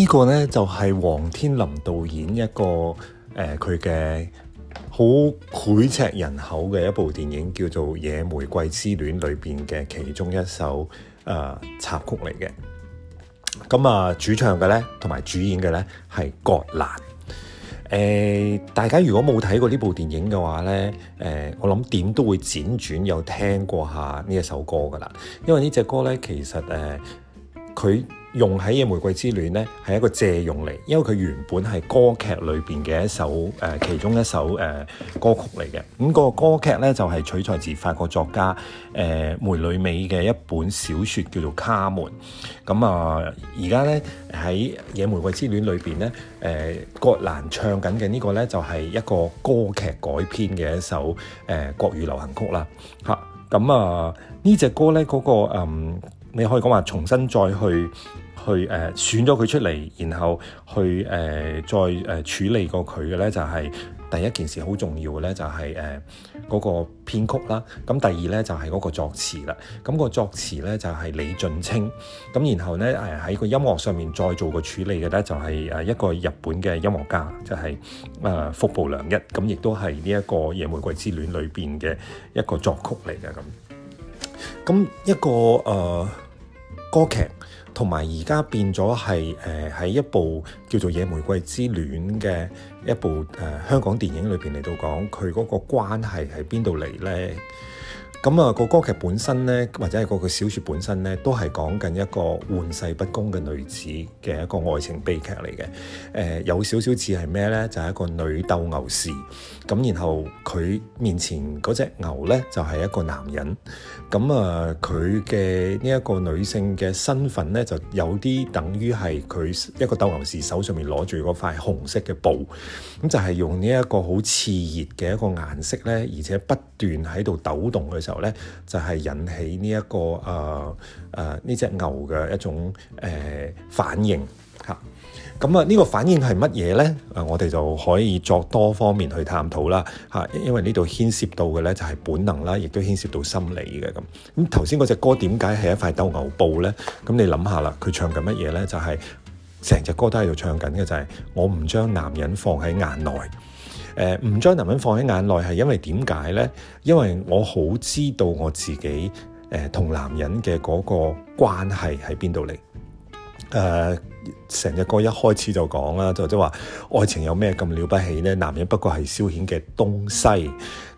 呢、這個呢，就係、是、王天林導演一個誒佢嘅好膾炙人口嘅一部電影，叫做《野玫瑰之戀》裏邊嘅其中一首誒、呃、插曲嚟嘅。咁啊，主唱嘅呢，同埋主演嘅呢，係葛蘭。誒、呃，大家如果冇睇過呢部電影嘅話呢，誒、呃，我諗點都會輾轉有聽過下呢一首歌噶啦。因為呢隻歌呢，其實誒佢，呃它用喺《野玫瑰之戀》咧，係一個借用嚟，因為佢原本係歌劇裏邊嘅一首誒、呃，其中一首誒、呃、歌曲嚟嘅。咁、那個歌劇咧就係取材自法國作家誒、呃、梅里美嘅一本小説，叫做《卡門》。咁啊，而家咧喺《野玫瑰之戀》裏邊咧，誒葛蘭唱緊嘅呢個咧就係、是、一個歌劇改編嘅一首誒、呃、國語流行曲啦。嚇、啊，咁啊、呃、呢隻歌咧嗰個、嗯、你可以講話重新再去。去誒、呃、選咗佢出嚟，然後去誒、呃、再誒、呃、處理過佢嘅咧，就係第一件事好重要嘅咧、就是，就係誒嗰個編曲啦。咁第二咧就係嗰個作詞啦。咁、那個作詞咧就係李雋青。咁然後咧誒喺個音樂上面再做個處理嘅咧，就係誒一個日本嘅音樂家，就係、是、誒、呃、服部良一。咁亦都係呢一個《野玫瑰之戀》裏邊嘅一個作曲嚟嘅咁。咁一個誒、呃、歌劇。同埋而家變咗係喺一部叫做《野玫瑰之戀》嘅一部、呃、香港電影裏面嚟到講佢嗰個關係喺邊度嚟咧？咁啊，個歌劇本身咧，或者係個小說本身咧，都係講緊一個玩世不恭嘅女子嘅一個愛情悲劇嚟嘅。誒、呃、有少少似係咩咧？就係、是、一個女鬥牛士。咁然後佢面前嗰隻牛咧，就係、是、一個男人。咁啊，佢嘅呢一個女性嘅身份咧，就有啲等於係佢一個鬥牛士手上面攞住嗰塊紅色嘅布，咁就係用呢一個好熾熱嘅一個顏色咧，而且不斷喺度抖動嘅。時候咧，就係引起呢一個誒誒呢隻牛嘅一種誒反應嚇。咁啊，呢個反應係乜嘢咧？我哋就可以作多方面去探討啦嚇。因為呢度牽涉到嘅咧就係本能啦，亦都牽涉到心理嘅咁。咁頭先嗰隻歌點解係一塊鬥牛布咧？咁你諗下啦，佢唱緊乜嘢咧？就係成隻歌都喺度唱緊嘅就係我唔將男人放喺眼內。誒、呃、唔將男人放喺眼內係因為點解呢？因為我好知道我自己誒同、呃、男人嘅嗰個關係喺邊度嚟。誒，成隻歌一開始就講啦，就即係話愛情有咩咁了不起呢？男人不過係消遣嘅東西。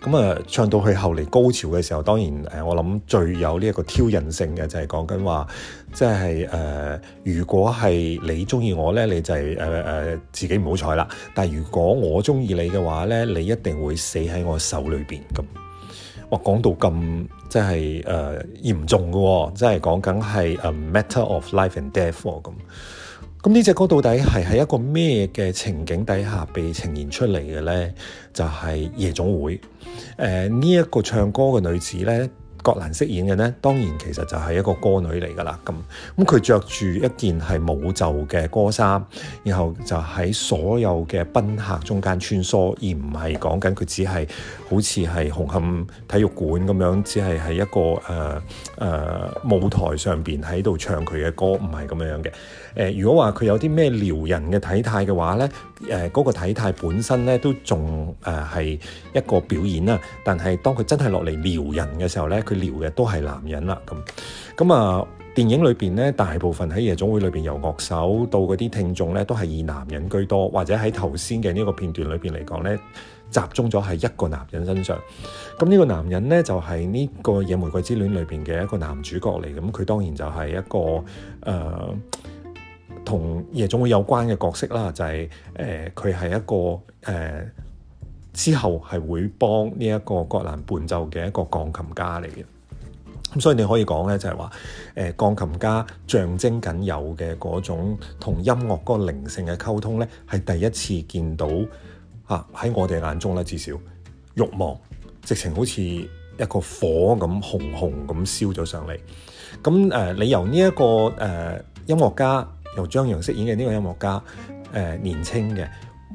咁啊、呃、唱到去後嚟高潮嘅時候，當然、呃、我諗最有呢一個挑釁性嘅就係講緊話，即係誒如果係你中意我呢，你就係、是、誒、呃呃、自己唔好彩啦。但係如果我中意你嘅話呢，你一定會死喺我手裏邊咁。哇、呃！講到咁～即係誒嚴重嘅，哦，即係講緊係誒 matter of life and death 咁，哦。咁呢隻歌到底係喺一個咩嘅情景底下被呈現出嚟嘅咧？就係、是、夜總會。呢，呃，一，這個唱歌嘅女子咧。葛蘭飾演嘅呢，當然其實就係一個歌女嚟㗎喇。咁咁佢着住一件係舞袖嘅歌衫，然後就喺所有嘅賓客中間穿梭，而唔係講緊佢只係好似係紅磡體育館咁樣，只係喺一個誒誒、呃呃、舞台上邊喺度唱佢嘅歌，唔係咁樣嘅。誒、呃，如果話佢有啲咩撩人嘅體態嘅話呢，誒嗰、呃嗰個體態本身呢都仲誒係一個表演啦。但係當佢真係落嚟撩人嘅時候呢，佢撩嘅都係男人啦。咁咁、嗯、啊，電影裏邊呢，大部分喺夜總會裏邊，由樂手到嗰啲聽眾呢，都係以男人居多，或者喺頭先嘅呢個片段裏邊嚟講呢，集中咗係一個男人身上。咁呢個男人呢，就係、是、呢、呢個《野玫瑰之戀》裏邊嘅一個男主角嚟，咁、嗯、佢當然就係一個誒。呃同夜總會有關嘅角色啦，就係誒佢係一個誒、呃、之後係會幫呢一個葛蘭伴奏嘅一個鋼琴家嚟嘅。咁所以你可以講咧，就係話誒鋼琴家象徵緊有嘅嗰種同音樂嗰個靈性嘅溝通咧，係第一次見到嚇喺、啊、我哋眼中咧，至少慾望直情好似一個火咁紅紅咁燒咗上嚟。咁誒、呃，你由呢、這、一個誒、呃、音樂家。由張揚飾演嘅呢個音樂家，誒、呃、年青嘅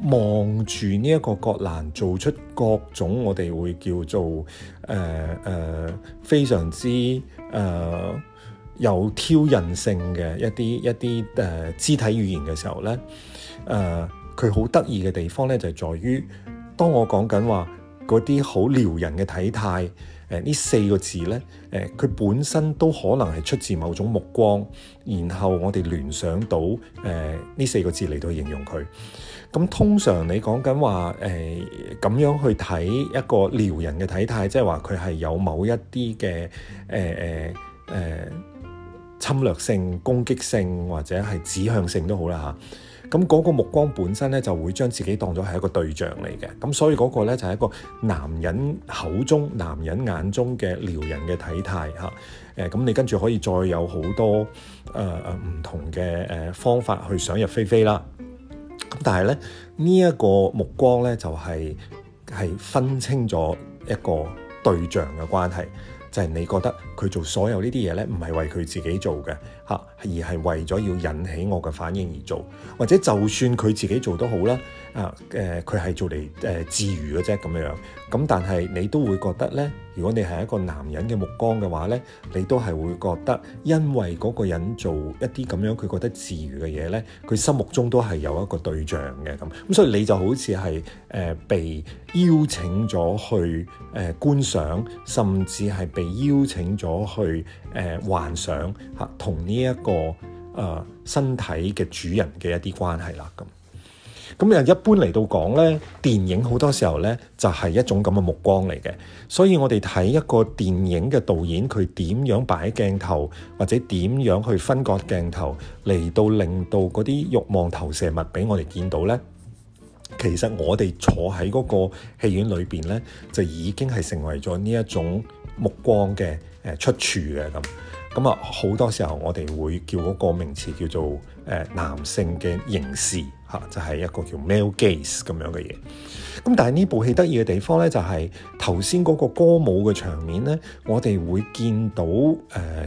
望住呢一個葛蘭做出各種我哋會叫做誒誒、呃呃、非常之誒、呃、有挑釁性嘅一啲一啲誒、呃、肢體語言嘅時候咧，誒佢好得意嘅地方咧就係、是、在於，當我講緊話嗰啲好撩人嘅體態。誒呢四個字咧，誒佢本身都可能係出自某種目光，然後我哋聯想到誒呢、呃、四個字嚟到形容佢。咁通常你講緊話誒咁樣去睇一個撩人嘅體態，即係話佢係有某一啲嘅誒誒誒侵略性、攻擊性或者係指向性都好啦嚇。咁、那、嗰個目光本身咧就會將自己當咗係一個對象嚟嘅，咁所以嗰個咧就係一個男人口中、男人眼中嘅撩人嘅體態嚇。誒，咁你跟住可以再有好多誒誒唔同嘅誒方法去想入非非啦。咁但係咧呢一、這個目光咧就係、是、係分清咗一個對象嘅關係，就係、是、你覺得。佢做所有呢啲嘢咧，唔係為佢自己做嘅吓，而係為咗要引起我嘅反應而做。或者就算佢自己做都好啦，啊誒，佢係做嚟誒、呃、治癒嘅啫咁樣，咁但係你都會覺得咧，如果你係一個男人嘅目光嘅話咧，你都係會覺得因為嗰個人做一啲咁樣，佢覺得治癒嘅嘢咧，佢心目中都係有一個對象嘅咁。咁所以你就好似係誒被邀請咗去誒、呃、觀賞，甚至係被邀請咗。咗去，誒、呃、幻想吓同呢一個誒、呃、身體嘅主人嘅一啲關係啦。咁咁又一般嚟到講咧，電影好多時候咧就係、是、一種咁嘅目光嚟嘅，所以我哋睇一個電影嘅導演佢點樣擺鏡頭，或者點樣去分割鏡頭嚟到令到嗰啲欲望投射物俾我哋見到咧。其實我哋坐喺嗰個戲院裏邊咧，就已經係成為咗呢一種目光嘅。誒出處嘅咁，咁啊好多時候我哋會叫嗰個名詞叫做誒、呃、男性嘅凝視。嚇、啊，就係、是、一個叫 male gaze 咁樣嘅嘢。咁但係呢部戲得意嘅地方咧，就係頭先嗰個歌舞嘅場面咧，我哋會見到誒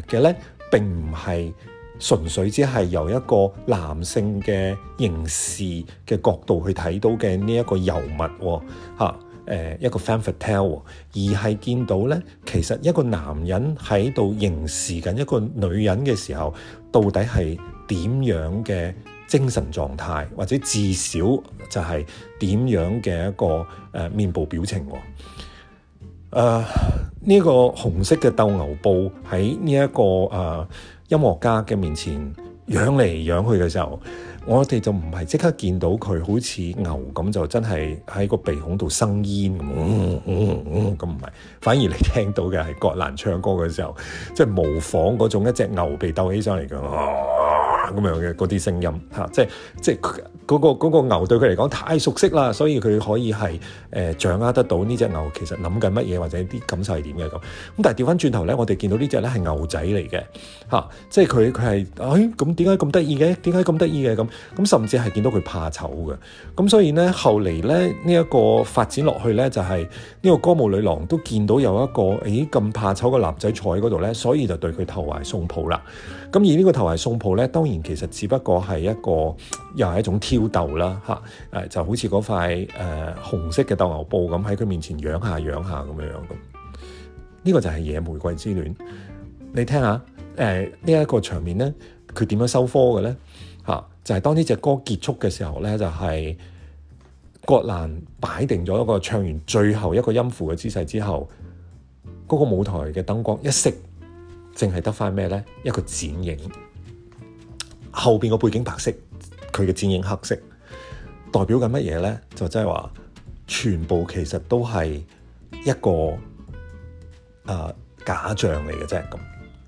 嘅咧並唔係純粹只係由一個男性嘅凝視嘅角度去睇到嘅呢一個尤物喎、啊誒、呃、一個 femme fatale 而係見到咧，其實一個男人喺度凝視緊一個女人嘅時候，到底係點樣嘅精神狀態，或者至少就係點樣嘅一個誒、呃、面部表情喎、哦。呢、呃這個紅色嘅鬥牛布喺呢一個誒、呃、音樂家嘅面前。養嚟養去嘅時候，我哋就唔係即刻見到佢好似牛咁，就真係喺個鼻孔度生煙咁。咁唔係，反而你聽到嘅係葛蘭唱歌嘅時候，即係模仿嗰種一隻牛鼻鬥起上嚟㗎。咁樣嘅嗰啲聲音，嚇、啊，即係即係嗰、個嗰、個、牛對佢嚟講太熟悉啦，所以佢可以係、呃、掌握得到呢隻牛其實諗緊乜嘢或者啲感受係點嘅咁。咁、啊、但係調翻轉頭咧，我哋見到隻呢隻咧係牛仔嚟嘅、啊，即係佢佢係，哎，咁點解咁得意嘅？點解咁得意嘅咁？咁、啊、甚至係見到佢怕醜嘅，咁、啊、所以咧後嚟咧呢一、個發展落去咧就係、係、呢個歌舞女郎都見到有一個，哎咁怕醜嘅男仔坐喺嗰度咧，所以就對佢投懷送抱啦。咁、啊、而呢個投懷送抱咧，當然。其實只不過係一個，又係一種挑逗啦，吓，誒就好似嗰塊誒、呃、紅色嘅鬥牛布咁，喺佢面前仰下仰下咁樣這樣咁。呢、這個就係野玫瑰之戀。你聽下，誒呢一個場面咧，佢點樣收科嘅咧？吓、啊，就係、是、當呢隻歌結束嘅時候咧，就係、是、葛蘭擺定咗一個唱完最後一個音符嘅姿勢之後，嗰、那個舞台嘅燈光一熄，淨係得翻咩咧？一個剪影。後邊個背景白色，佢嘅剪影黑色，代表緊乜嘢咧？就即係話，全部其實都係一個誒、呃、假象嚟嘅啫，咁、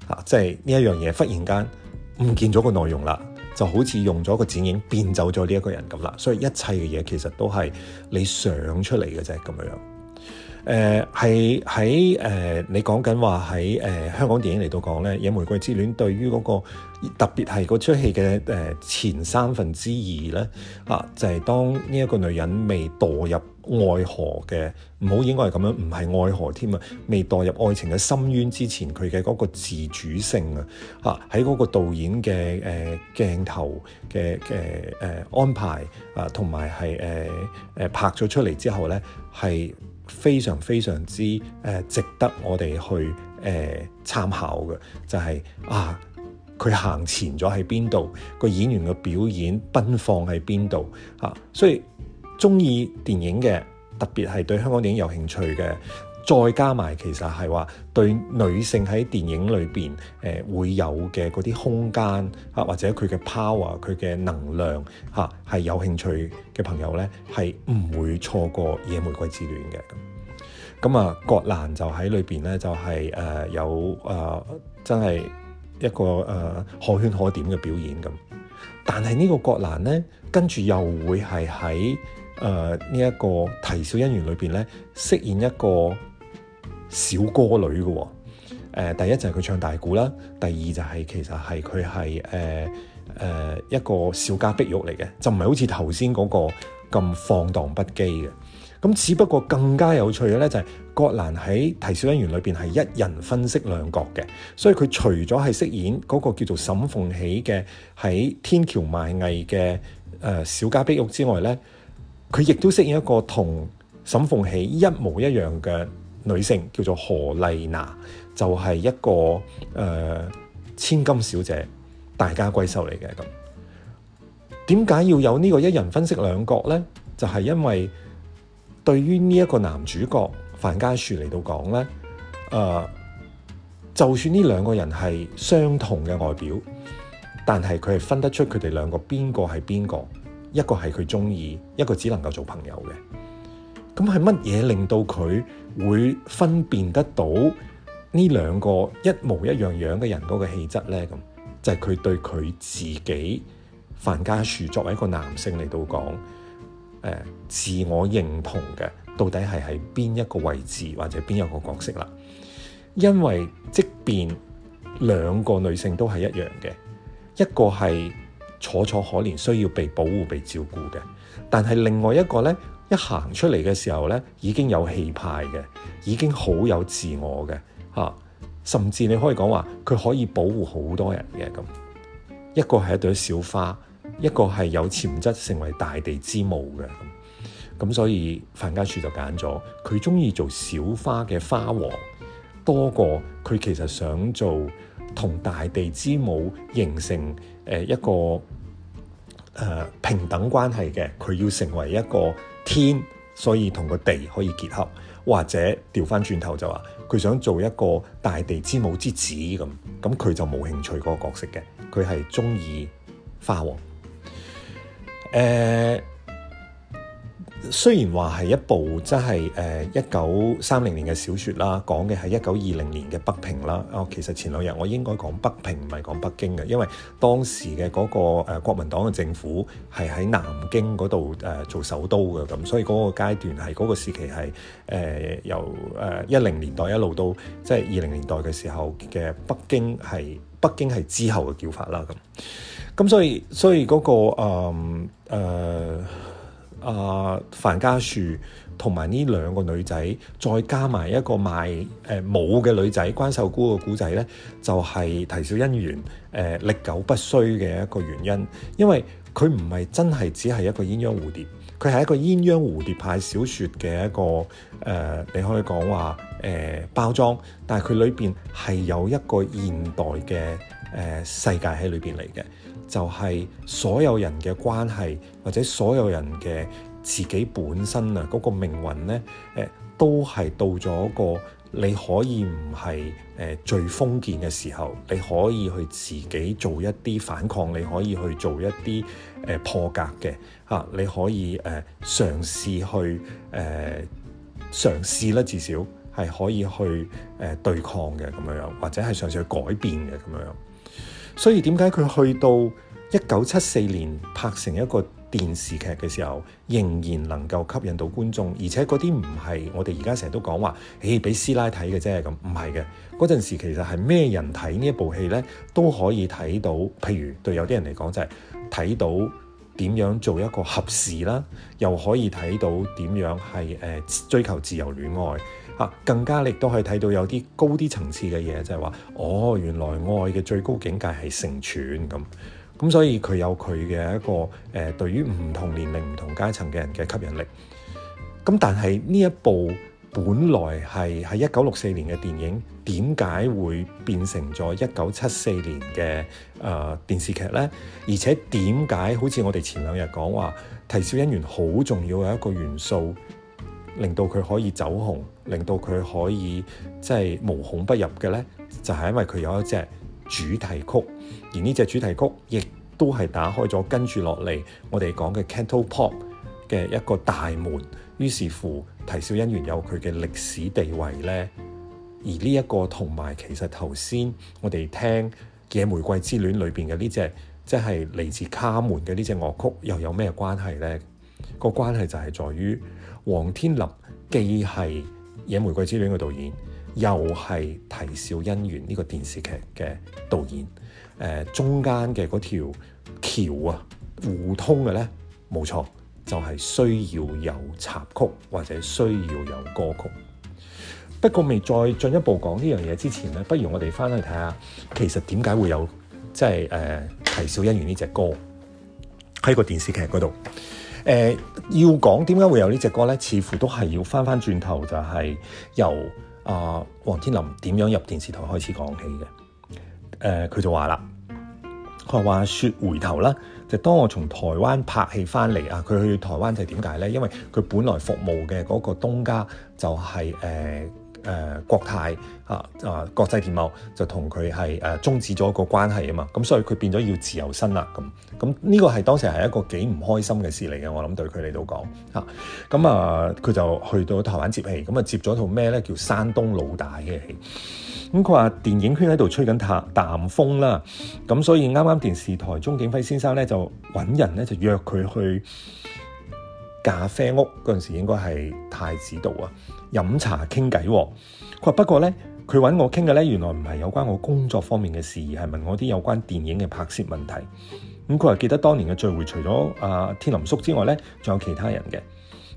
啊、吓，即係呢一樣嘢忽然間唔見咗個內容啦，就好似用咗個剪影變走咗呢一個人咁啦，所以一切嘅嘢其實都係你想出嚟嘅啫，咁樣樣。誒係喺誒，你講緊話喺誒香港電影嚟到講咧，《野玫瑰之戀》對於嗰個特別係嗰出戲嘅誒前三分之二咧啊，就係、是、當呢一個女人未墮入愛河嘅，唔好應該係咁樣，唔係愛河添啊，未墮入愛情嘅深淵之前，佢嘅嗰個自主性啊啊，喺嗰個導演嘅誒、呃、鏡頭嘅嘅誒安排啊，同埋係誒誒拍咗出嚟之後咧係。是非常非常之誒值得我哋去誒參考嘅，就係啊，佢行前咗喺邊度，個演員嘅表演奔放喺邊度啊，所以中意電影嘅，特別係對香港電影有興趣嘅。再加埋，其實係話對女性喺電影裏邊誒會有嘅嗰啲空間啊，或者佢嘅 power、佢嘅能量嚇係、啊、有興趣嘅朋友咧，係唔會錯過《野玫瑰之戀》嘅咁。咁啊，葛蘭就喺裏邊咧，就係、是、誒、呃、有啊、呃，真係一個誒可圈可點嘅表演咁。但係呢個葛蘭咧，跟住又會係喺誒呢一個啼笑因緣裏邊咧飾演一個。呃何小歌女嘅喎、呃，第一就係佢唱大鼓啦，第二就係、是、其實係佢係誒誒一個小家碧玉嚟嘅，就唔係好似頭先嗰個咁放蕩不羈嘅。咁只不過更加有趣嘅咧，就係葛蘭喺《啼笑因緣》裏邊係一人分飾兩角嘅，所以佢除咗係飾演嗰個叫做沈鳳喜嘅喺天橋賣藝嘅誒、呃、小家碧玉之外咧，佢亦都飾演一個同沈鳳喜一模一樣嘅。女性叫做何麗娜，就係、是、一個誒、呃、千金小姐，大家閨秀嚟嘅咁。點解要有呢個一人分析兩角呢？就係、是、因為對於呢一個男主角范家樹嚟到講呢，誒、呃、就算呢兩個人係相同嘅外表，但係佢係分得出佢哋兩個邊個係邊個，一個係佢中意，一個只能夠做朋友嘅。咁係乜嘢令到佢會分辨得到呢兩個一模一樣樣嘅人，嗰個氣質咧，咁就係佢對佢自己樊家樹作為一個男性嚟到講，誒、自我認同嘅到底係喺邊一個位置或者邊一個角色啦。因為即便兩個女性都係一樣嘅，一個係楚楚可憐需要被保護被照顧嘅，但係另外一個呢。一行出嚟嘅時候咧，已經有氣派嘅，已經好有自我嘅，甚至你可以講話，佢可以保護好多人嘅咁。一個係一朵小花，一個係有潛質成為大地之母嘅咁。咁所以樊家樹就揀咗佢，中意做小花嘅花王多過佢其實想做同大地之母形成一個、呃、平等關係嘅，佢要成為一個。天，所以同個地可以結合，或者掉返轉頭就話佢想做一個大地之母之子咁，咁佢就冇興趣嗰個角色嘅，佢係中意花王，誒、欸。雖然話係一部即係誒一九三零年嘅小説啦，講嘅係一九二零年嘅北平啦。哦，其實前兩日我應該講北平，唔係講北京嘅，因為當時嘅嗰個誒國民黨嘅政府係喺南京嗰度誒做首都嘅，咁所以嗰個階段係嗰、嗰個時期係誒、呃、由誒一零年代一路到即係二零年代嘅時候嘅北京，係北京係之後嘅叫法啦。咁咁所以所以嗰、嗰個嗯、呃呃啊、uh，范家樹同埋呢兩個女仔，再加埋一個賣誒帽嘅、呃、女仔關秀姑嘅古仔呢，就係、是、啼笑姻緣誒歷、呃、久不衰嘅一個原因。因為佢唔係真係只係一個鴛鴦蝴蝶，佢係一個鴛鴦蝴蝶派小説嘅一個、呃、你可以講話、呃、包裝，但係佢裏面係有一個現代嘅、呃、世界喺裏面嚟嘅。就係、是、所有人嘅關係，或者所有人嘅自己本身啊，嗰、那個命運呢，都係到咗一個你可以唔係誒最封建嘅時候，你可以去自己做一啲反抗，你可以去做一啲、呃、破格嘅、啊、你可以誒、呃、嘗試去誒、呃、嘗試啦，至少係可以去誒、呃、對抗嘅咁樣樣，或者係嘗試去改變嘅咁樣樣。所以點解佢去到一九七四年拍成一個電視劇嘅時候，仍然能夠吸引到觀眾，而且嗰啲唔係我哋、欸、而家成日都講話，誒俾師奶睇嘅啫咁，唔係嘅。嗰陣時其實係咩人睇呢一部戲呢，都可以睇到。譬如對有啲人嚟講就係、是、睇到點樣做一個合事啦，又可以睇到點樣係誒、呃、追求自由戀愛。更加你亦都係睇到有啲高啲層次嘅嘢，就係、是、話，哦，原來愛嘅最高境界係成全咁，咁、嗯、所以佢有佢嘅一個誒、呃，對於唔同年齡、唔同階層嘅人嘅吸引力。咁、嗯、但係呢一部本來係喺一九六四年嘅電影，點解會變成咗一九七四年嘅誒、呃、電視劇呢？而且點解好似我哋前兩日講話，啼笑因緣好重要嘅一個元素？令到佢可以走紅，令到佢可以即係無孔不入嘅呢，就係因為佢有一隻主題曲，而呢隻主題曲亦都係打開咗跟住落嚟我哋講嘅 Cantopop 嘅一個大門。於是乎，啼笑因緣有佢嘅歷史地位呢。而呢一個同埋其實頭先我哋聽《野玫瑰之戀》裏面嘅呢隻即係嚟自卡門嘅呢隻樂曲，又有咩關係呢？個關係就係在於。王天林既係《野玫瑰之戀》嘅導演，又係《啼笑因緣》呢個電視劇嘅導演。誒、呃，中間嘅嗰條橋啊，互通嘅咧，冇錯，就係、是、需要有插曲或者需要有歌曲。不過未再進一步講呢樣嘢之前咧，不如我哋翻去睇下，其實點解會有即係誒《啼、呃、笑因緣》呢隻歌喺個電視劇嗰度。誒、呃、要講點解會有這呢隻歌咧？似乎都係要翻翻轉頭就是，就係由啊王天林點樣入電視台開始講起嘅。誒、呃、佢就話啦，佢話説回頭啦，就當我從台灣拍戲翻嚟啊。佢去台灣就係點解咧？因為佢本來服務嘅嗰個東家就係、是、誒。呃誒、呃、國泰嚇啊，啊國際電懋就同佢係誒中止咗一個關係啊嘛，咁所以佢變咗要自由身啦咁。咁呢個係當時係一個幾唔開心嘅事嚟嘅，我諗對佢嚟到講咁啊佢、啊、就去到台灣接戲，咁、嗯、啊接咗套咩咧？叫《山東老大》嘅戲。咁佢話電影圈喺度吹緊淡淡風啦，咁所以啱啱電視台鍾景輝先生咧就揾人咧就約佢去咖啡屋嗰陣時，應該係太子道啊。飲茶傾偈，佢話不過呢，佢揾我傾嘅呢，原來唔係有關我工作方面嘅事，而係問我啲有關電影嘅拍攝問題。咁佢話記得當年嘅聚會除，除咗阿天林叔之外呢，仲有其他人嘅。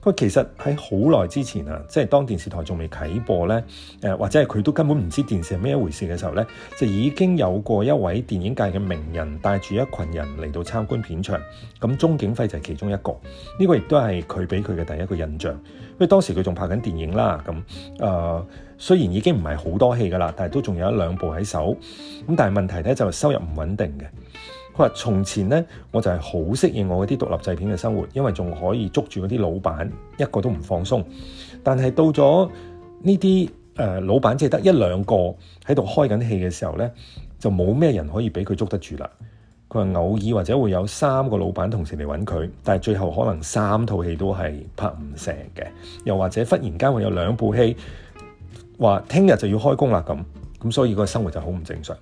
佢其實喺好耐之前啊，即係當電視台仲未啟播呢，誒或者係佢都根本唔知電視係咩一回事嘅時候呢，就已經有過一位電影界嘅名人帶住一群人嚟到參觀片場，咁鍾景輝就係其中一個。呢個亦都係佢俾佢嘅第一個印象。因為當時佢仲拍緊電影啦，咁、呃、誒雖然已經唔係好多戲㗎啦，但係都仲有一兩部喺手。咁但係問題咧就係收入唔穩定嘅。佢話：從前咧，我就係好適應我嗰啲獨立製片嘅生活，因為仲可以捉住嗰啲老闆一個都唔放鬆。但係到咗呢啲誒老闆，即係得一兩個喺度開緊戲嘅時候咧，就冇咩人可以俾佢捉得住啦。佢話偶爾或者會有三個老闆同時嚟揾佢，但係最後可能三套戲都係拍唔成嘅。又或者忽然間會有兩部戲話聽日就要開工啦咁，咁所以個生活就好唔正常。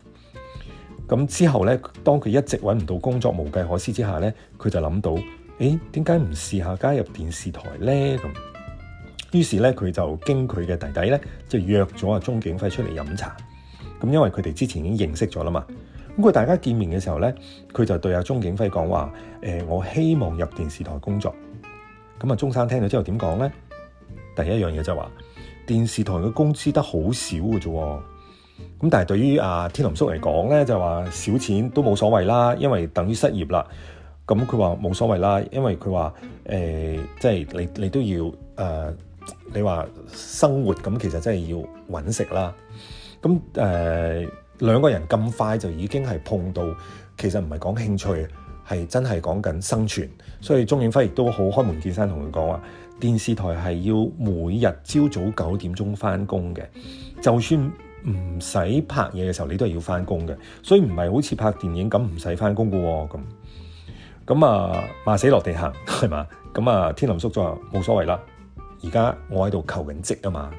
咁之後咧，當佢一直揾唔到工作，無計可施之下咧，佢就諗到，誒點解唔試下加入電視台咧？咁於是咧，佢就經佢嘅弟弟咧，就約咗阿鐘景輝出嚟飲茶。咁因為佢哋之前已經認識咗啦嘛。咁佢大家見面嘅時候咧，佢就對阿鐘景輝講話，誒我希望入電視台工作。咁啊，鐘生聽到之後點講咧？第一樣嘢就係話電視台嘅工資得好少㗎啫。咁但係對於阿天林叔嚟講咧，就話少錢都冇所謂啦，因為等於失業啦。咁佢話冇所謂啦，因為佢話誒，即、呃、係、就是、你你都要誒、呃，你話生活咁，其實真係要揾食啦。咁、嗯、誒、呃、兩個人咁快就已經係碰到，其實唔係講興趣，係真係講緊生存。所以鍾景輝亦都好開門見山同佢講話，電視台係要每日朝早九點鐘返工嘅，就算，唔使拍嘢嘅時候，你都係要翻工嘅，所以唔係好似拍電影咁唔使翻工嘅喎。咁咁啊，馬死落地行係嘛？咁啊，天林叔就話冇所謂啦。而家我喺度求緊職啊嘛。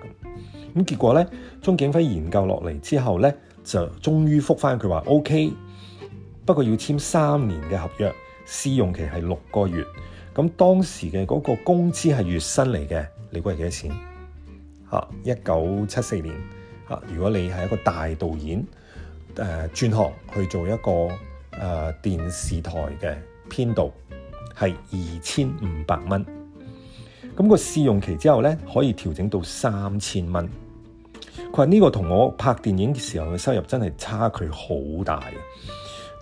咁結果咧，鍾景輝研究落嚟之後咧，就終於覆翻佢話 OK，不過要簽三年嘅合約，試用期係六個月。咁當時嘅嗰個工資係月薪嚟嘅，你估係幾多錢？嚇，啊，一九七四年。啊！如果你係一個大導演，誒、呃、轉行去做一個誒、呃、電視台嘅編導，係二千五百蚊。咁、那個試用期之後咧，可以調整到三千蚊。佢話呢個同我拍電影嘅時候嘅收入真係差距好大。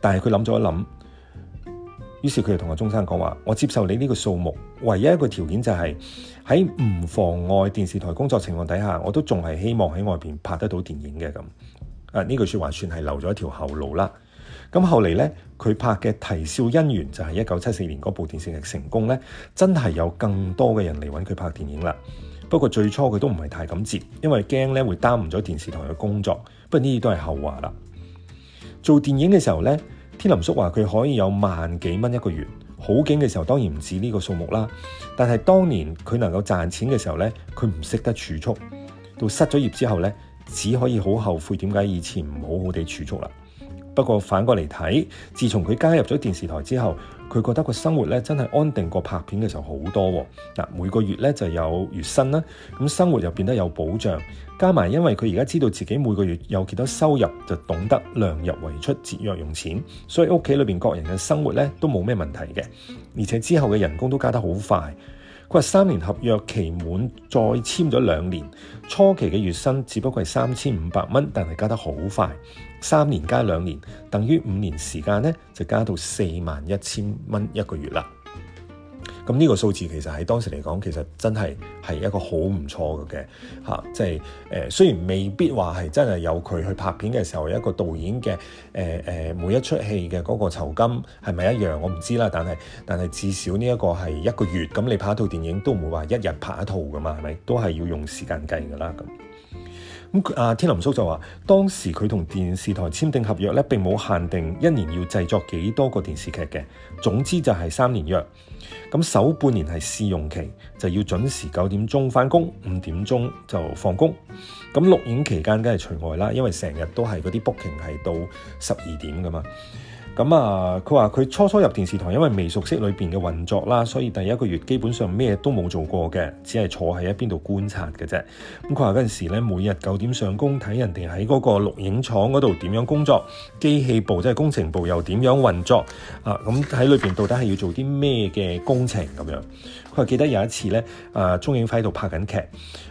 但係佢諗咗一諗，於是佢就同阿鐘生講話：我接受你呢個數目，唯一一個條件就係、是。喺唔妨礙電視台工作情況底下，我都仲係希望喺外邊拍得到電影嘅咁。啊，呢句說話算係留咗一條後路啦。咁後嚟呢，佢拍嘅《啼笑姻緣》就係一九七四年嗰部電視劇成功呢，真係有更多嘅人嚟揾佢拍電影啦。不過最初佢都唔係太敢接，因為驚呢會耽誤咗電視台嘅工作。不過呢啲都係後話啦。做電影嘅時候呢，天林叔話佢可以有萬幾蚊一個月。好景嘅時候當然唔止呢個數目啦，但係當年佢能夠賺錢嘅時候呢，佢唔識得儲蓄，到失咗業之後呢，只可以好後悔點解以前唔好好地儲蓄啦。不過反過嚟睇，自從佢加入咗電視台之後，佢覺得個生活咧真係安定過拍片嘅時候好多喎。嗱，每個月咧就有月薪啦，咁生活又變得有保障。加埋因為佢而家知道自己每個月有幾多收入，就懂得量入為出、節約用錢，所以屋企裏邊各人嘅生活咧都冇咩問題嘅。而且之後嘅人工都加得好快。佢話三年合約期滿再簽咗兩年，初期嘅月薪只不過係三千五百蚊，但係加得好快。三年加兩年等於五年時間咧，就加到四萬一千蚊一個月啦。咁呢個數字其實喺當時嚟講，其實真係係一個好唔錯嘅嚇。即係誒，雖然未必話係真係有佢去拍片嘅時候，一個導演嘅、呃呃、每一出戲嘅嗰個酬金係咪一樣，我唔知啦。但係但係至少呢一個係一個月。咁你拍一套電影都唔會話一日拍一套噶嘛，係咪？都係要用時間計噶啦咁。咁阿天林叔就話：當時佢同電視台簽訂合約咧，並冇限定一年要製作幾多個電視劇嘅。總之就係三年約。咁首半年係試用期，就要準時九點鐘翻工，五點鐘就放工。咁錄影期間梗係除外啦，因為成日都係嗰啲 booking 係到十二點噶嘛。咁啊，佢話佢初初入電視台，因為未熟悉裏面嘅運作啦，所以第一個月基本上咩都冇做過嘅，只係坐喺一邊度觀察嘅啫。咁佢話嗰陣時咧，每日九點上工，睇人哋喺嗰個錄影廠嗰度點樣工作，機器部即係工程部又點樣運作啊？咁喺裏面到底係要做啲咩嘅工程咁樣？佢話記得有一次咧，啊，鐘景輝喺度拍緊劇，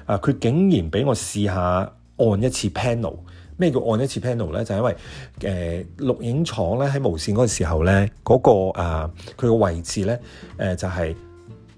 啊，佢竟然俾我試下。按一次 panel，咩叫按一次 panel 咧？就係、因為誒、呃、錄影廠咧喺無線嗰個時候咧，嗰、那個佢個、呃、位置咧誒、呃、就係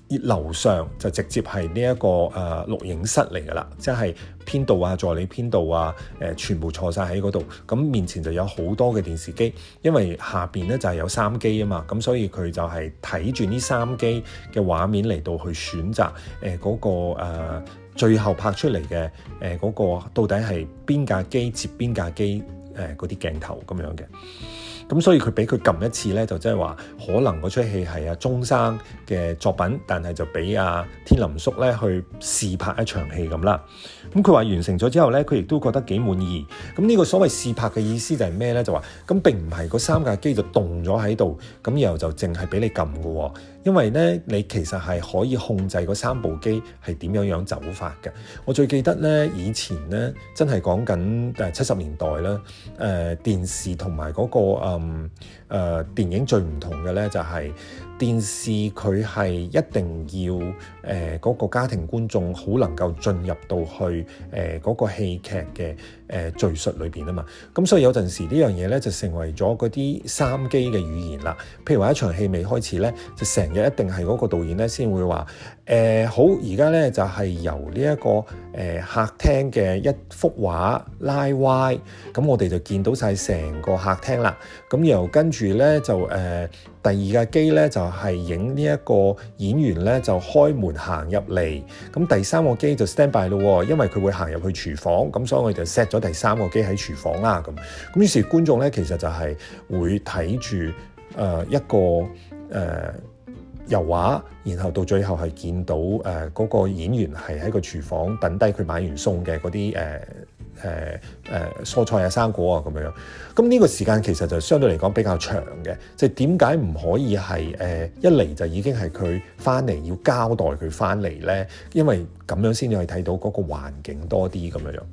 熱樓上，就直接係呢一個誒、呃、錄影室嚟噶啦，即係編導啊、助理編導啊誒、呃、全部坐晒喺嗰度，咁、呃、面前就有好多嘅電視機，因為下邊咧就係、是、有三機啊嘛，咁、呃、所以佢就係睇住呢三機嘅畫面嚟到去選擇誒嗰、呃那個、呃最後拍出嚟嘅誒嗰個到底係邊架機接邊架機誒嗰啲鏡頭咁樣嘅，咁所以佢俾佢撳一次咧，就即係話可能嗰出戲係阿鐘生嘅作品，但係就俾阿、啊、天林叔咧去試拍一場戲咁啦。咁佢話完成咗之後呢，佢亦都覺得幾滿意。咁呢個所謂試拍嘅意思就係咩呢？就話咁並唔係嗰三架機就凍咗喺度，咁然後就淨係俾你撳嘅喎。因為呢，你其實係可以控制嗰三部機係點樣樣走法嘅。我最記得呢，以前呢，真係講緊誒七十年代啦，誒、呃、電視同埋嗰個嗯、呃、電影最唔同嘅呢、就係，就係。電視佢係一定要誒，嗰個家庭觀眾好能夠進入到去嗰個戲劇嘅。誒，敘述裏邊啊嘛，咁所以有陣時呢樣嘢咧就成為咗啲三機嘅語言啦。譬如話一場戲未開始咧，就成日一定係個導演咧先會話誒好，而家咧就係由呢一個誒客廳嘅一幅畫拉歪，咁我哋就見到晒成個客廳啦。咁又跟住咧就誒第二架機咧就係影呢一個演員咧就開門行入嚟，咁第三個機就 stand by 咯，因為佢會行入去廚房，咁所以我就 set 咗。第三個機喺廚房啦、啊，咁咁於是觀眾咧，其實就係會睇住誒一個誒油、呃、畫，然後到最後係見到誒嗰、呃那個演員係喺個廚房等低佢買完餸嘅嗰啲誒誒誒蔬菜啊、生果啊咁樣樣。咁呢個時間其實就相對嚟講比較長嘅，即係點解唔可以係誒、呃、一嚟就已經係佢翻嚟要交代佢翻嚟咧？因為咁樣先至可以睇到嗰個環境多啲咁樣樣。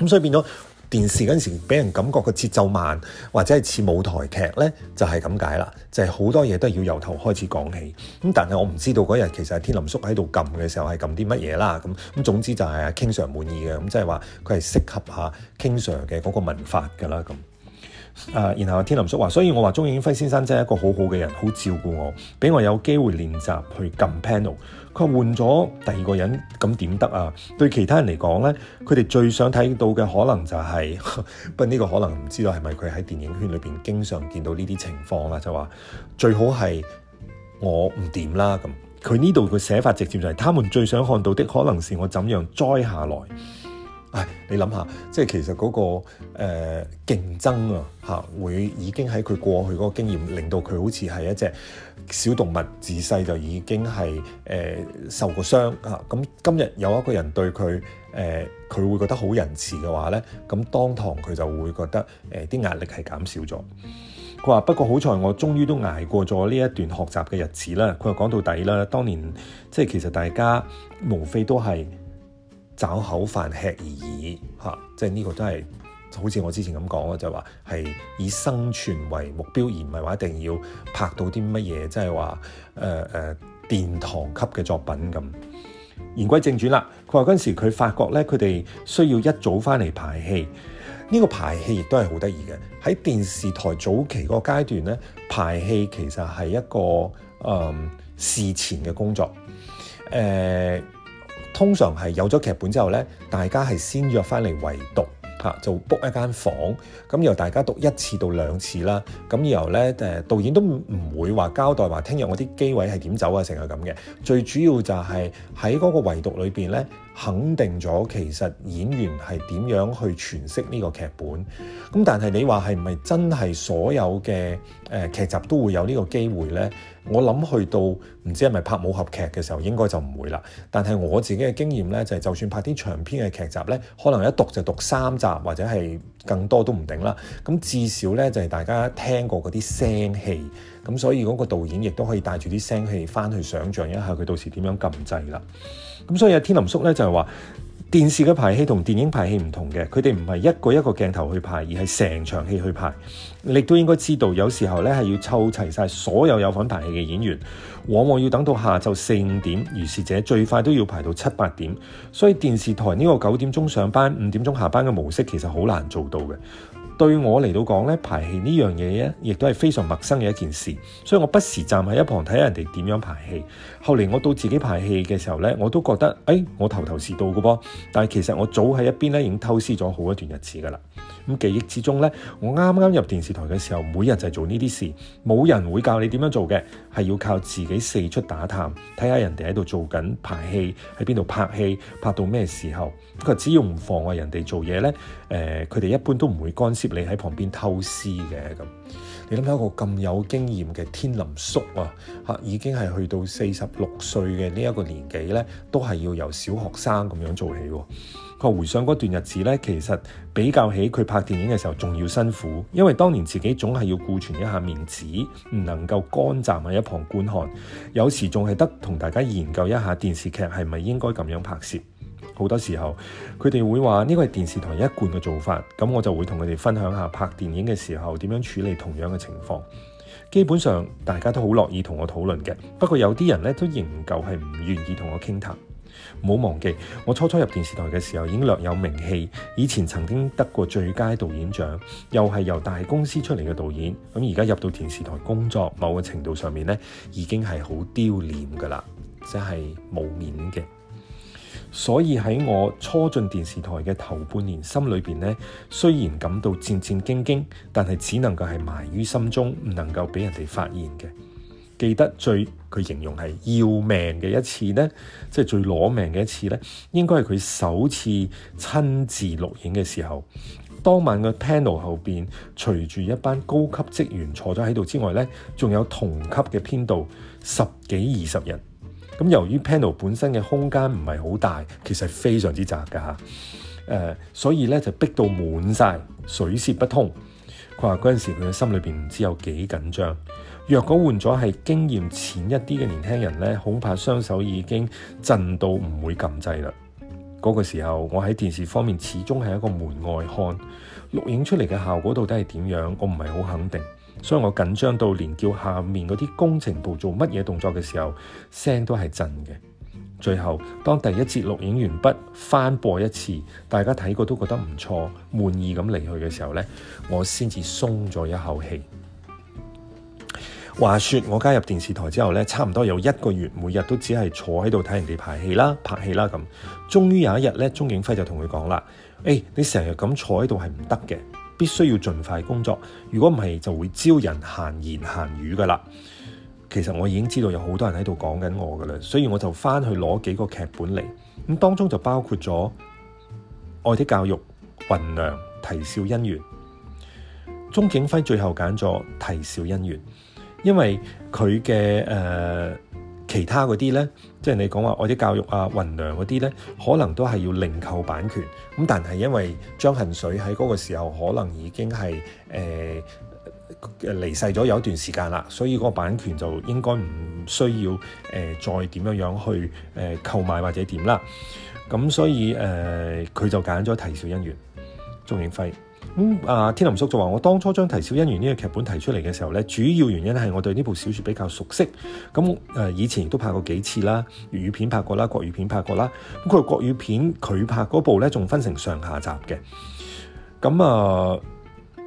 咁所以變咗電視嗰陣時，俾人感覺個節奏慢，或者係似舞台劇咧，就係咁解啦。就係、是、好多嘢都要由頭開始講起。咁但係我唔知道嗰日其實係天林叔喺度撳嘅時候係撳啲乜嘢啦。咁咁總之就係 King Sir 滿意嘅。咁即係話佢係適合下 King Sir 嘅嗰個文法㗎啦。咁然後天林叔話：，所以我話鍾永輝先生真係一個好好嘅人，好照顧我，俾我有機會練習去撳 panel。佢換咗第二個人，咁點得啊？對其他人嚟講呢，佢哋最想睇到嘅可能就係、是，不過呢個可能唔知道係咪佢喺電影圈裏面經常見到呢啲情況啦，就話最好係我唔掂啦咁。佢呢度嘅寫法直接就係、是，他們最想看到的可能是我怎樣栽下來。唉，你諗下，即係其實嗰、那個競爭、呃、爭啊，嚇會已經喺佢過去嗰個經驗令到佢好似係一隻小動物自細就已經係誒、呃、受過傷啊！咁今日有一個人對佢誒，佢、呃、會覺得好仁慈嘅話咧，咁當堂佢就會覺得誒啲、呃、壓力係減少咗。佢話不過好彩，我終於都捱過咗呢一段學習嘅日子啦。佢又講到底啦，當年即係其實大家無非都係找口飯吃而已嚇、啊，即係呢個都係。好似我之前咁講啦，就係話係以生存為目標，而唔係話一定要拍到啲乜嘢，即係話誒誒殿堂級嘅作品咁。言歸正傳啦，佢話嗰陣時佢發覺咧，佢哋需要一早翻嚟排戲。呢個排戲亦都係好得意嘅。喺電視台早期個階段咧，排戲其實係一個誒、嗯、事前嘅工作。誒、呃、通常係有咗劇本之後咧，大家係先約翻嚟圍讀。嚇，就 book 一間房，咁由大家讀一次到兩次啦。咁然後咧，導演都唔會話交代話，聽日我啲機位係點走啊，成日咁嘅。最主要就係喺嗰個圍讀裏面咧，肯定咗其實演員係點樣去詮釋呢個劇本。咁但係你話係唔係真係所有嘅誒劇集都會有個機會呢個機會咧？我諗去到唔知係咪拍武俠劇嘅時候，應該就唔會啦。但係我自己嘅經驗呢，就係就算拍啲長篇嘅劇集呢，可能一讀就讀三集或者係更多都唔定啦。咁至少呢，就係大家聽過嗰啲聲氣，咁所以嗰個導演亦都可以帶住啲聲氣翻去想像一下佢到時點樣撳掣啦。咁所以阿天林叔呢，就係話。電視嘅排戲同電影排戲唔同嘅，佢哋唔係一個一個鏡頭去排，而係成場戲去排。你都應該知道，有時候咧係要湊齊晒所有有份排戲嘅演員，往往要等到下晝四五點，如是者最快都要排到七八點。所以電視台呢個九點鐘上班、五點鐘下班嘅模式，其實好難做到嘅。對我嚟到講咧，排戲呢樣嘢咧，亦都係非常陌生嘅一件事，所以我不時站喺一旁睇下人哋點樣排戲。後嚟我到自己排戲嘅時候咧，我都覺得，誒、哎，我頭頭是道嘅噃。但係其實我早喺一邊咧，已經偷師咗好一段日子噶啦。咁記憶之中咧，我啱啱入電視台嘅時候，每日就係做呢啲事，冇人會教你點樣做嘅，係要靠自己四出打探，睇下人哋喺度做緊排戲，喺邊度拍戲，拍到咩時候。不過只要唔妨礙人哋做嘢咧，誒，佢哋一般都唔會干涉你喺旁邊偷師嘅咁。你諗下一個咁有經驗嘅天林叔啊，嚇已經係去到四十六歲嘅呢一個年紀咧，都係要由小學生咁樣做起喎。佢回想嗰段日子咧，其實比較起佢拍電影嘅時候仲要辛苦，因為當年自己總係要顧存一下面子，唔能夠乾站喺一旁觀看。有時仲係得同大家研究一下電視劇係咪應該咁樣拍攝。好多時候佢哋會話呢個係電視台一貫嘅做法，咁我就會同佢哋分享下拍電影嘅時候點樣處理同樣嘅情況。基本上大家都好樂意同我討論嘅，不過有啲人咧都仍舊係唔願意同我傾談。唔好忘記，我初初入電視台嘅時候已經略有名氣，以前曾經得過最佳導演獎，又係由大公司出嚟嘅導演，咁而家入到電視台工作，某個程度上面呢，已經係好丟臉噶啦，即係冇面嘅。所以喺我初進電視台嘅頭半年，心裏邊呢，雖然感到戰戰兢兢，但係只能夠係埋於心中，唔能夠俾人哋發現嘅。記得最，佢形容係要命嘅一次呢，即係最攞命嘅一次呢，應該係佢首次親自錄影嘅時候。當晚嘅 panel 後面，隨住一班高級職員坐咗喺度之外呢，仲有同級嘅編導十幾二十人。咁由於 panel 本身嘅空間唔係好大，其實非常之窄㗎吓，呃，所以呢，就逼到滿晒，水泄不通。佢話嗰陣時佢嘅心裏面唔知有幾緊張。若果換咗係經驗淺一啲嘅年輕人呢，恐怕雙手已經震到唔會撳掣啦。嗰個時候，我喺電視方面始終係一個門外漢，錄影出嚟嘅效果到底係點樣，我唔係好肯定，所以我緊張到連叫下面嗰啲工程部做乜嘢動作嘅時候，聲都係震嘅。最後，當第一節錄影完畢，翻播一次，大家睇過都覺得唔錯，滿意咁離去嘅時候呢，我先至鬆咗一口氣。話說我加入電視台之後咧，差唔多有一個月，每日都只係坐喺度睇人哋排戲啦、拍戲啦咁。終於有一日咧，鍾景輝就同佢講啦：誒、欸，你成日咁坐喺度係唔得嘅，必須要盡快工作。如果唔係，就會招人閒言閒語噶啦。其實我已經知道有好多人喺度講緊我噶啦，所以我就返去攞幾個劇本嚟，咁當中就包括咗《愛的教育》雲、《雲娘》、《啼笑因緣》。鍾景輝最後揀咗《啼笑因緣》。因為佢嘅、呃、其他嗰啲咧，即係你講話我啲教育啊、雲娘嗰啲咧，可能都係要另購版權。咁但係因為張恨水喺嗰個時候可能已經係誒離世咗有一段時間啦，所以嗰個版權就應該唔需要、呃、再點樣樣去誒購、呃、買或者點啦。咁所以誒佢、呃、就揀咗《啼笑因緣》。鍾永輝。咁、嗯、啊，天林叔就話：我當初將《啼笑因緣》呢、這個劇本提出嚟嘅時候咧，主要原因係我對呢部小說比較熟悉。咁誒、呃，以前都拍過幾次啦，粵語片拍過啦，國語片拍過啦。咁佢國語片佢拍嗰部咧，仲分成上下集嘅。咁啊、呃，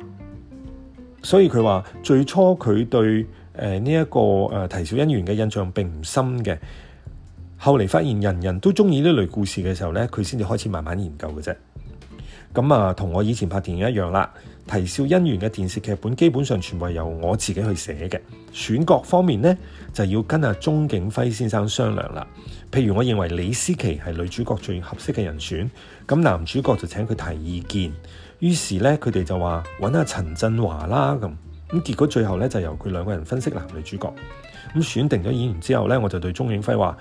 所以佢話最初佢對誒呢一個誒《啼笑因緣》嘅印象並唔深嘅。後嚟發現人人都中意呢類故事嘅時候咧，佢先至開始慢慢研究嘅啫。咁啊，同我以前拍電影一樣啦。啼笑姻緣嘅電視劇本基本上全部係由我自己去寫嘅。選角方面呢，就要跟阿鍾景輝先生商量啦。譬如我認為李思琪係女主角最合適嘅人選，咁男主角就請佢提意見。於是呢，佢哋就話揾阿陳振華啦咁。咁結果最後呢，就由佢兩個人分析男女主角。咁選定咗演員之後呢，我就對鍾景輝話：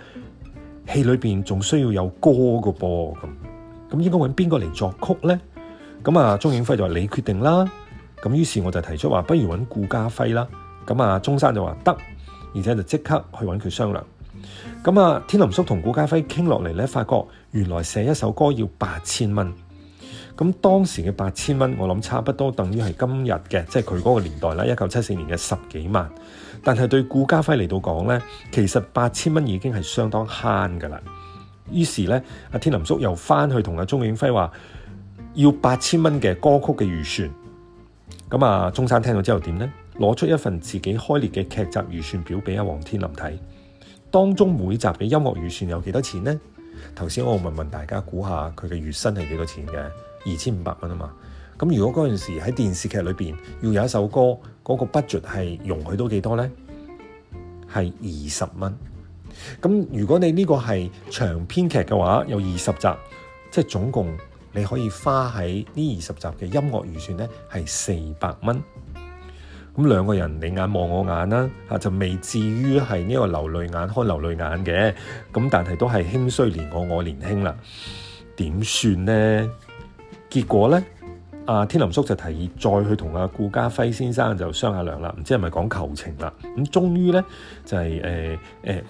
戲裏面仲需要有歌個噃咁。咁應該揾邊個嚟作曲呢？咁啊，鍾景輝就話你決定啦。咁於是我就提出話，不如揾顧嘉輝啦。咁啊，鍾生就話得，而且就即刻去揾佢商量。咁啊，天林叔同顧嘉輝傾落嚟咧，發覺原來寫一首歌要八千蚊。咁當時嘅八千蚊，我諗差不多等於係今日嘅，即係佢嗰個年代啦，一九七四年嘅十幾萬。但係對顧嘉輝嚟到講呢，其實八千蚊已經係相當慳噶啦。於是咧，阿天林叔又翻去同阿鍾景輝話要八千蚊嘅歌曲嘅預算。咁啊，鍾生聽到之後點咧？攞出一份自己開列嘅劇集預算表俾阿王天林睇，當中每集嘅音樂預算有幾多錢？呢？頭先我問問大家，估下佢嘅月薪係幾多錢嘅？二千五百蚊啊嘛。咁如果嗰陣時喺電視劇裏邊要有一首歌，嗰、個 budget 係容許到幾多咧？係二十蚊。咁如果你呢個係長篇劇嘅話，有二十集，即係總共你可以花喺呢二十集嘅音樂預算呢，係四百蚊。咁兩個人你眼望我眼啦，嚇就未至於係呢個流淚眼看流淚眼嘅，咁但係都係輕衰年我我年輕啦，點算呢？結果呢？啊、天林叔就提議再去同阿顧家輝先生就商量啦，唔知係咪講求情啦？咁終於呢，就係誒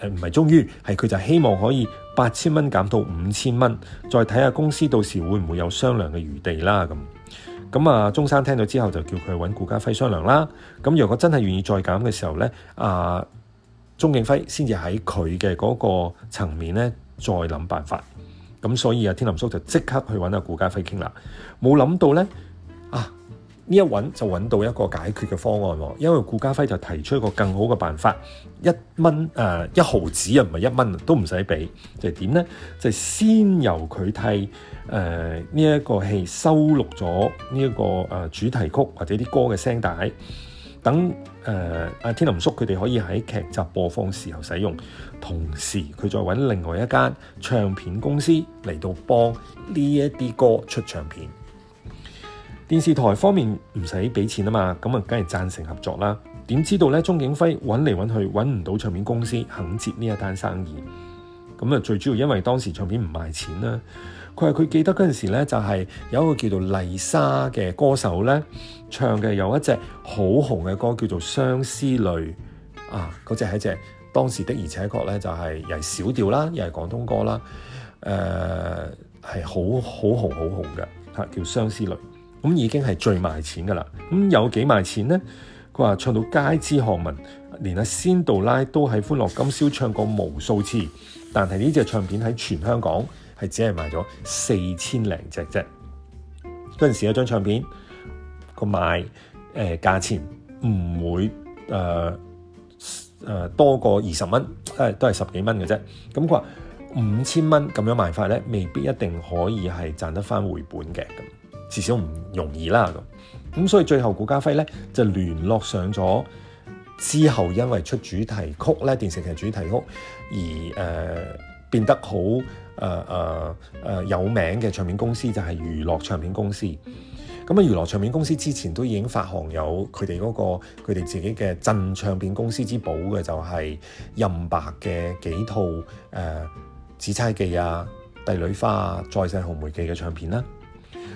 誒唔係終於，係佢就希望可以八千蚊減到五千蚊，再睇下公司到時會唔會有商量嘅餘地啦咁。咁啊，鍾生聽到之後就叫佢揾顧家輝商量啦。咁如果真係願意再減嘅時候呢，阿、啊、鍾景輝先至喺佢嘅嗰個層面呢再諗辦法。咁所以啊，天林叔就即刻去揾阿顧嘉輝傾啦，冇諗到咧啊，呢一揾就揾到一個解決嘅方案。因為顧嘉輝就提出一個更好嘅辦法，一蚊、啊、一毫子啊，唔係一蚊都唔使俾。就係點咧？就係先由佢替呢一個戲收錄咗呢一個主題曲或者啲歌嘅聲帶。等誒阿、呃、天林叔佢哋可以喺劇集播放時候使用，同時佢再揾另外一間唱片公司嚟到幫呢一啲歌出唱片。電視台方面唔使俾錢啊嘛，咁啊梗係贊成合作啦。點知道咧？鍾景輝揾嚟揾去揾唔到唱片公司肯接呢一單生意，咁啊最主要因為當時唱片唔賣錢啦。佢話：佢記得嗰陣時咧，就係有一個叫做麗莎嘅歌手咧，唱嘅有一隻好紅嘅歌，叫做《相思淚》啊！嗰隻係一隻當時的、就是，而且確咧就係又係小調啦，又係廣東歌啦，誒係好好紅好紅嘅嚇、啊，叫《相思淚》。咁、嗯、已經係最賣錢噶啦。咁、嗯、有幾賣錢咧？佢話唱到街知巷聞，連阿、啊、仙杜拉都喺《歡樂今宵》唱過無數次。但係呢隻唱片喺全香港。係只係賣咗四千零隻啫。嗰陣時一張唱片個賣，誒價錢唔會誒誒、呃呃、多過二十蚊，都係都係十幾蚊嘅啫。咁佢話五千蚊咁樣賣法咧，未必一定可以係賺得返回本嘅，咁，至少唔容易啦咁。咁所以最後顧嘉輝咧就聯絡上咗，之後因為出主題曲咧，電視劇主題曲而誒、呃、變得好。誒誒誒有名嘅唱片公司就係娛樂唱片公司，咁啊娛樂唱片公司之前都已經發行有佢哋嗰個佢哋自己嘅鎮唱片公司之寶嘅，就係任白嘅幾套誒《uh, 紫釵記》啊《帝女花》啊《再世紅梅記》嘅唱片啦。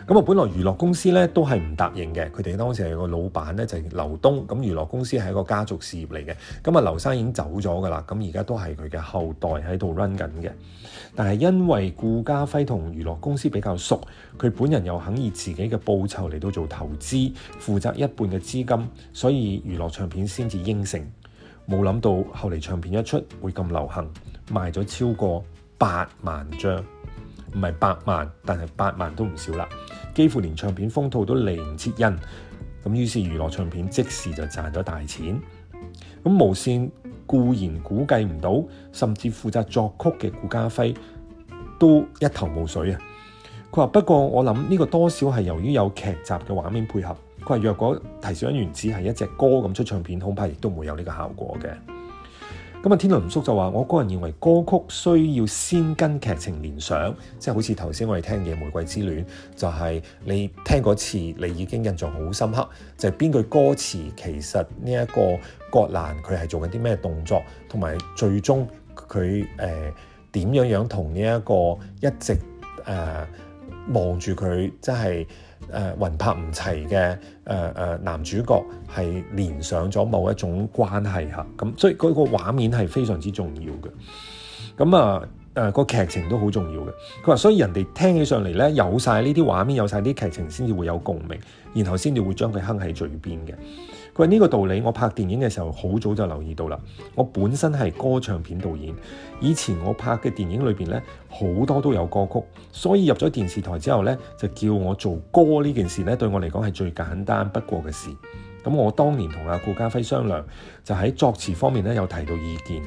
咁啊，本來娛樂公司咧都係唔答應嘅，佢哋當時係個老闆咧就係劉東，咁娛樂公司係一個家族事業嚟嘅，咁啊劉生已經走咗噶啦，咁而家都係佢嘅後代喺度 run 緊嘅。但係因為顧嘉輝同娛樂公司比較熟，佢本人又肯以自己嘅報酬嚟到做投資，負責一半嘅資金，所以娛樂唱片先至應承。冇諗到後嚟唱片一出會咁流行，賣咗超過八萬張。唔係百萬，但係八萬都唔少啦。幾乎連唱片封套都嚟唔切印，咁於是娛樂唱片即時就賺咗大錢。咁無線固然估計唔到，甚至負責作曲嘅顧嘉輝都一頭霧水啊。佢話：不過我諗呢個多少係由於有劇集嘅畫面配合。佢話：若果啼笑因緣只係一隻歌咁出唱片，恐怕亦都唔會有呢個效果嘅。咁啊，天林叔就話：我個人認為歌曲需要先跟劇情聯想，即係好似頭先我哋聽嘅《野玫瑰之戀》，就係、是、你聽嗰次你已經印象好深刻，就係、是、邊句歌詞其實呢一個葛蘭佢係做緊啲咩動作，同埋最終佢點、呃、樣樣同呢一個一直、呃望住佢，真係誒魂魄唔齊嘅誒誒男主角，係連上咗某一種關係嚇，咁所以佢個畫面係非常之重要嘅。咁啊誒個劇情都好重要嘅。佢話，所以人哋聽起上嚟咧，有晒呢啲畫面，有晒啲劇情，先至會有共鳴，然後先至會將佢哼喺嘴邊嘅。佢、這、呢個道理，我拍電影嘅時候好早就留意到啦。我本身係歌唱片導演，以前我拍嘅電影裏面咧好多都有歌曲，所以入咗電視台之後咧就叫我做歌呢件事咧，對我嚟講係最簡單不過嘅事。咁我當年同阿顧嘉輝商量，就喺作詞方面咧有提到意見。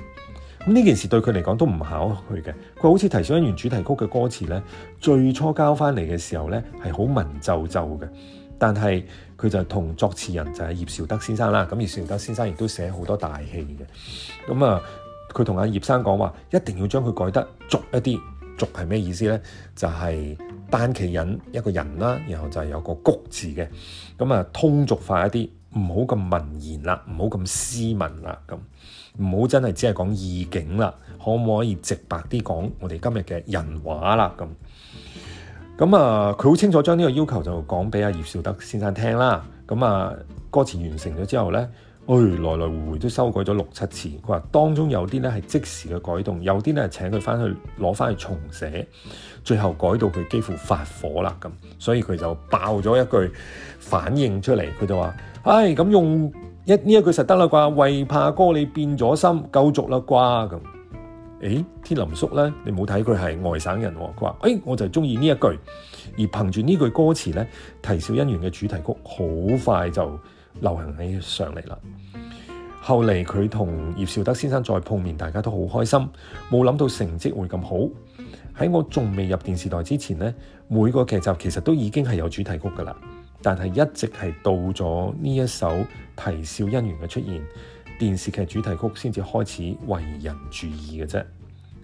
咁呢件事對佢嚟講都唔考慮佢嘅。佢好似提醒完主題曲嘅歌詞咧，最初交翻嚟嘅時候咧係好文皺皺嘅，但係。佢就係同作詞人就係葉紹德先生啦，咁葉紹德先生亦都寫好多大戲嘅。咁啊，佢同阿葉生講話，一定要將佢改得俗一啲。俗係咩意思咧？就係、是、單企人一個人啦，然後就係有個谷字嘅。咁啊，通俗化一啲，唔好咁文言啦，唔好咁斯文啦，咁唔好真係只係講意境啦，可唔可以直白啲講我哋今日嘅人話啦？咁。咁啊，佢好清楚將呢個要求就講俾阿葉紹德先生聽啦。咁啊，歌詞完成咗之後呢，哎，來來回回都修改咗六七次。佢話當中有啲呢係即時嘅改動，有啲呢係請佢翻去攞翻去重寫。最後改到佢幾乎發火啦咁，所以佢就爆咗一句反應出嚟，佢就話：唉，咁用一呢一句實得啦啩，為怕哥你變咗心，夠足啦啩咁。誒、哎，天林叔咧，你冇睇佢係外省人喎、哦。佢話、哎：我就中意呢一句，而憑住呢句歌詞咧，《啼笑因緣》嘅主題曲好快就流行起上嚟啦。後嚟佢同葉紹德先生再碰面，大家都好開心，冇諗到成績會咁好。喺我仲未入電視台之前咧，每個劇集其實都已經係有主題曲噶啦，但係一直係到咗呢一首《啼笑因緣》嘅出現，電視劇主題曲先至開始為人注意嘅啫。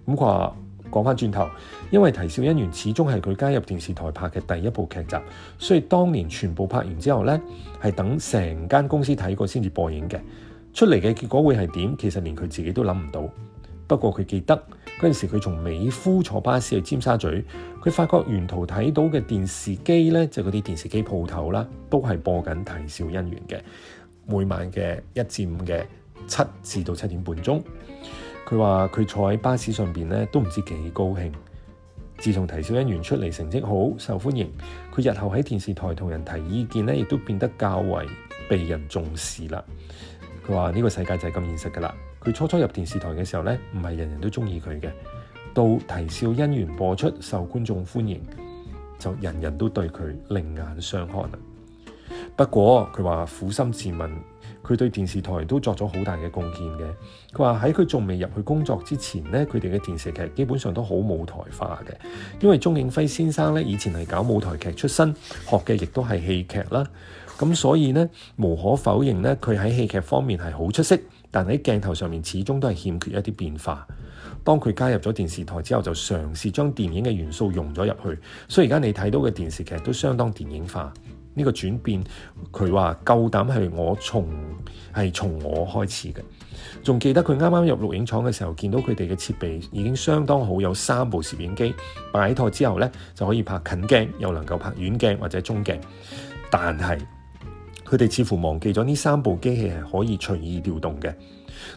咁話講翻轉頭，因為《啼笑姻緣》始終係佢加入電視台拍嘅第一部劇集，所以當年全部拍完之後呢，係等成間公司睇過先至播映嘅。出嚟嘅結果會係點？其實連佢自己都諗唔到。不過佢記得嗰陣時，佢從美孚坐巴士去尖沙咀，佢發覺沿途睇到嘅電視機呢，就嗰啲電視機鋪頭啦，都係播緊《啼笑姻緣》嘅。每晚嘅一至五嘅，七至到七點半鐘，佢話佢坐喺巴士上邊咧，都唔知幾高興。自從啼笑因緣出嚟，成績好，受歡迎，佢日後喺電視台同人提意見咧，亦都變得較為被人重視啦。佢話呢個世界就係咁現實㗎喇。佢初初入電視台嘅時候咧，唔係人人都鍾意佢嘅。到啼笑因緣播出，受觀眾歡迎，就人人都對佢另眼相看啦。不過，佢話苦心自問。佢對電視台都作咗好大嘅貢獻嘅。佢話喺佢仲未入去工作之前呢，佢哋嘅電視劇基本上都好舞台化嘅，因為鍾景輝先生咧以前係搞舞台劇出身，學嘅亦都係戲劇啦。咁所以呢，無可否認呢，佢喺戲劇方面係好出色，但喺鏡頭上面始終都係欠缺一啲變化。當佢加入咗電視台之後，就嘗試將電影嘅元素融咗入去，所以而家你睇到嘅電視劇都相當電影化。呢、這個轉變，佢話夠膽係我從係從我開始嘅。仲記得佢啱啱入錄影廠嘅時候，見到佢哋嘅設備已經相當好，有三部攝影機擺妥之後呢，就可以拍近鏡，又能夠拍遠鏡或者中鏡。但係佢哋似乎忘記咗呢三部機器係可以隨意調動嘅。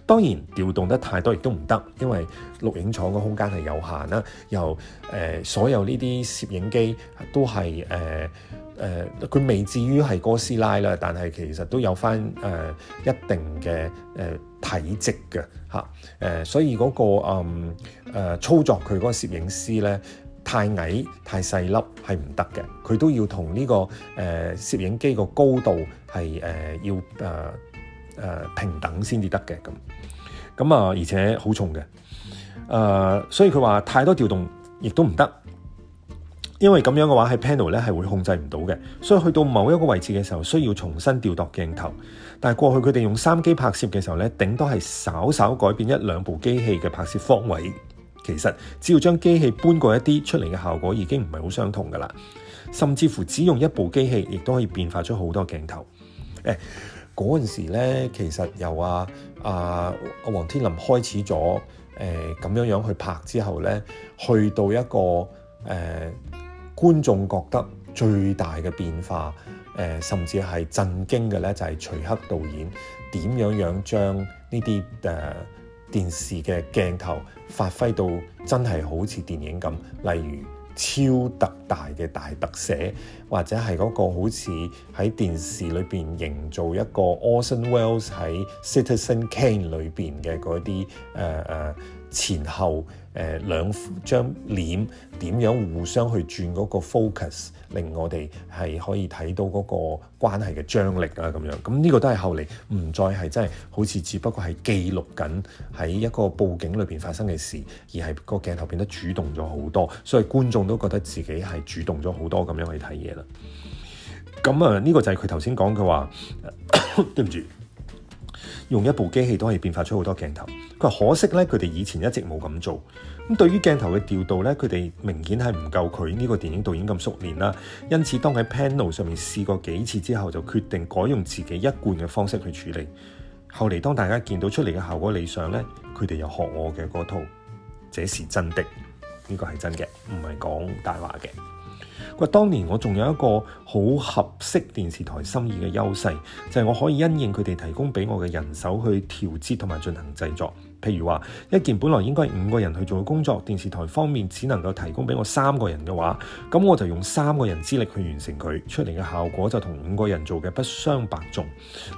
當然調動得太多亦都唔得，因為錄影廠嘅空間係有限啦。又誒、呃，所有呢啲攝影機都係誒。呃誒、呃，佢未至於係哥斯拉啦，但係其實都有返誒、呃、一定嘅誒、呃、體積嘅㗎誒，所以嗰、那個嗯誒、呃、操作佢嗰個攝影師咧太矮太細粒係唔得嘅，佢都要同呢、這個誒、呃、攝影機個高度係誒、呃、要誒誒、呃呃、平等先至得嘅咁，咁啊而且好重嘅，誒、啊、所以佢話太多調動亦都唔得。因為咁樣嘅話，係 panel 咧係會控制唔到嘅，所以去到某一個位置嘅時候，需要重新調度鏡頭。但係過去佢哋用三機拍攝嘅時候咧，頂多係稍稍改變一兩部機器嘅拍攝方位。其實只要將機器搬過一啲，出嚟嘅效果已經唔係好相同噶啦。甚至乎只用一部機器，亦都可以變化出好多鏡頭。誒、哎，嗰時咧，其實由阿阿王天林開始咗誒咁樣樣去拍之後咧，去到一個、呃觀眾覺得最大嘅變化，誒、呃、甚至係震驚嘅咧，就係、是、徐克導演點樣樣將呢啲誒電視嘅鏡頭發揮到真係好似電影咁，例如超特大嘅大特寫，或者係嗰個好似喺電視裏邊營造一個 Orson Welles 喺 Citizen Kane 裏邊嘅嗰啲誒誒。呃呃前後誒、呃、兩張臉點樣互相去轉嗰個 focus，令我哋係可以睇到嗰個關係嘅張力啊。咁樣。咁呢個都係後嚟唔再係真係好似只不過係記錄緊喺一個布景裏邊發生嘅事，而係個鏡頭變得主動咗好多，所以觀眾都覺得自己係主動咗好多咁樣去睇嘢啦。咁啊，呢、呢個就係佢頭先講佢話 對唔住。用一部機器都可以變化出好多鏡頭。佢話可惜咧，佢哋以前一直冇咁做。咁對於鏡頭嘅調度咧，佢哋明顯係唔夠佢呢個電影導演咁熟練啦。因此當喺 Panel 上面試過幾次之後，就決定改用自己一貫嘅方式去處理。後嚟當大家見到出嚟嘅效果理想咧，佢哋又學我嘅嗰套。這是真的，呢個係真嘅，唔係講大話嘅。喂，當年我仲有一個好合適電視台心意嘅優勢，就係、是、我可以因應佢哋提供給我嘅人手去調節同埋進行製作。譬如話，一件本來應該五個人去做嘅工作，電視台方面只能夠提供俾我三個人嘅話，咁我就用三個人之力去完成佢，出嚟嘅效果就同五個人做嘅不相伯仲。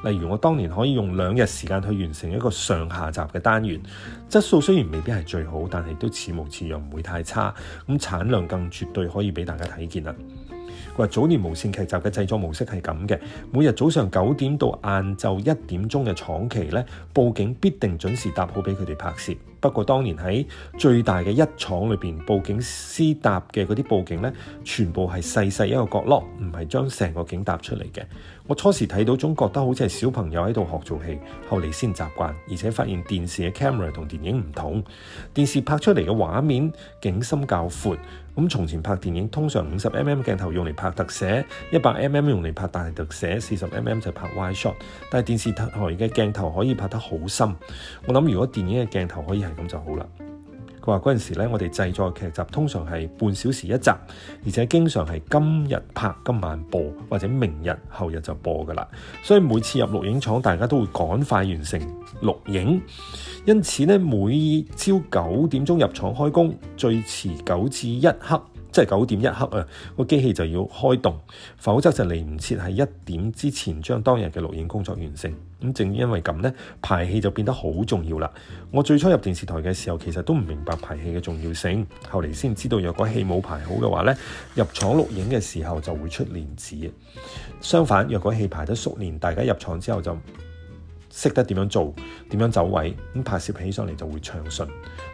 例如我當年可以用兩日時間去完成一個上下集嘅單元，質素雖然未必係最好，但係都似模似樣，唔會太差。咁產量更絕對可以俾大家睇見啦。話早年無線劇集嘅製作模式係咁嘅，每日早上九點到晏晝一點鐘嘅廠期呢，佈景必定準時搭好俾佢哋拍攝。不過當年喺最大嘅一廠裏面，報警私搭嘅嗰啲報警呢，全部係細細一個角落，唔係將成個景搭出嚟嘅。我初時睇到總覺得好似係小朋友喺度學做戲，後嚟先習慣，而且發現電視嘅 camera 同電影唔同，電視拍出嚟嘅畫面景深較闊。咁從前拍電影通常五十 mm 鏡頭用嚟拍特寫，一百 mm 用嚟拍大特寫，四十 mm 就拍 wide shot。但係電視台嘅鏡頭可以拍得好深。我諗如果電影嘅鏡頭可以係咁就好啦。佢話嗰陣時咧，我哋製作劇集通常係半小時一集，而且經常係今日拍今晚播，或者明日後日就播噶啦。所以每次入錄影廠，大家都會趕快完成錄影。因此咧，每朝九點鐘入廠開工，最遲九至一刻，即係九點一刻啊，個機器就要開動，否則就嚟唔切喺一點之前將當日嘅錄影工作完成。咁正因為咁呢，排戲就變得好重要啦。我最初入電視台嘅時候，其實都唔明白排戲嘅重要性，後嚟先知道若果戲冇排好嘅話呢，入廠錄影嘅時候就會出亂子。相反，若果戲排得熟練，大家入廠之後就識得點樣做，點樣走位，咁拍攝起上嚟就會暢順。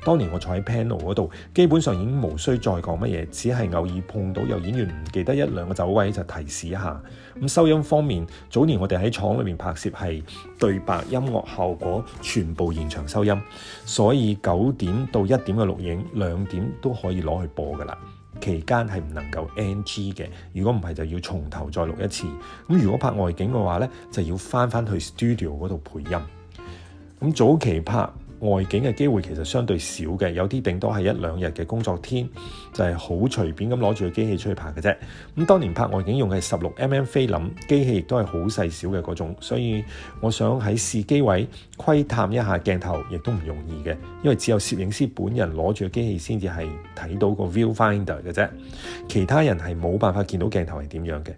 當年我坐喺 panel 嗰度，基本上已經無需再講乜嘢，只係偶爾碰到有演員唔記得一兩個走位就提示一下。咁收音方面，早年我哋喺廠裏面拍攝係對白、音樂效果全部現場收音，所以九點到一點嘅錄影，兩點都可以攞去播㗎喇。期間係唔能夠 NG 嘅，如果唔係就要從頭再錄一次。咁如果拍外景嘅話呢，就要返返去 studio 嗰度配音。咁早期拍外景嘅機會其實相對少嘅，有啲頂多係一兩日嘅工作天就係好隨便咁攞住個機器出去拍嘅啫。咁當年拍外景用嘅十六 mm 菲林機器亦都係好細小嘅嗰種，所以我想喺試機位窺探一下鏡頭亦都唔容易嘅，因為只有攝影師本人攞住個機器先至係睇到個 viewfinder 嘅啫，其他人係冇辦法見到鏡頭係點樣嘅。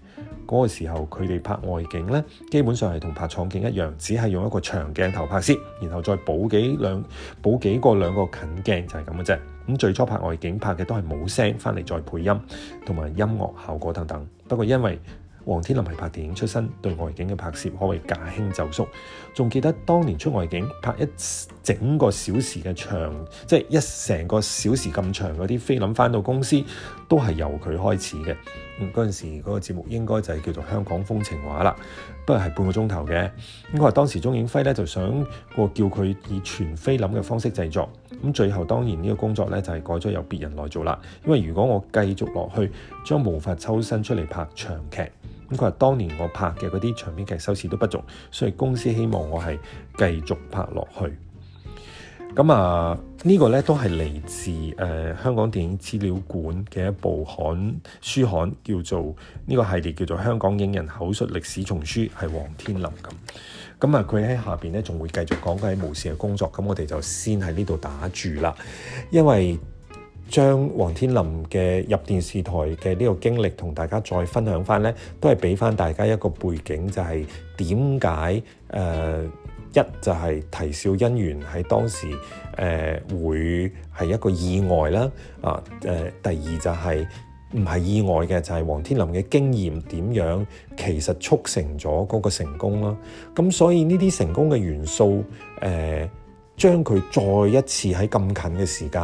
嗰、那個時候，佢哋拍外景呢，基本上係同拍廠景一樣，只係用一個長鏡頭拍攝，然後再補幾兩補幾個兩個近鏡就係咁嘅啫。咁最初拍外景拍嘅都係冇聲，翻嚟再配音同埋音樂效果等等。不過因為王天林係拍電影出身，對外景嘅拍攝可謂駕輕就熟。仲記得當年出外景拍一整個小時嘅長即係、就是、一成個小時咁長嗰啲菲林翻到公司，都係由佢開始嘅。嗰、嗯、陣時嗰個節目應該就係叫做《香港風情畫》啦，不過係半個鐘頭嘅。咁佢話當時鍾景輝咧就想過叫佢以全菲林嘅方式製作，咁最後當然呢個工作咧就係改咗由別人來做啦。因為如果我繼續落去，將無法抽身出嚟拍長劇。咁佢話：當年我拍嘅嗰啲長篇劇收視都不足，所以公司希望我係繼續拍落去。咁啊，呢、這個呢都係嚟自、呃、香港電影資料館嘅一部刊書刊，叫做呢、這個系列叫做《香港影人口述歷史叢書》，係王天林咁。咁啊，佢喺下面呢仲會繼續講佢喺無線嘅工作。咁我哋就先喺呢度打住啦，因為將王天林嘅入電視台嘅呢個經歷同大家再分享翻呢，都係俾翻大家一個背景，就係點解誒。呃一就係啼笑因緣喺當時誒、呃、會係一個意外啦，啊誒、呃、第二就係唔係意外嘅就係、是、王天林嘅經驗點樣其實促成咗嗰個成功啦。咁所以呢啲成功嘅元素誒、呃、將佢再一次喺咁近嘅時間